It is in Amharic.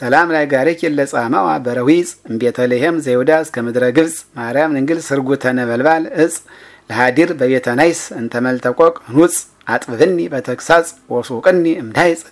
ሰላም ላይ ጋሪክ የለጻማዋ በረዊፅ እምቤተልሔም ዘይሁዳ እስከ ምድረ ግብፅ ማርያም ንግል ስርጉ ተነበልባል እጽ ለሃዲር በቤተ ናይስ እንተመልተቆቅ ኑጽ አጥብብኒ በተግሳጽ ወሱቅኒ እምዳይጽ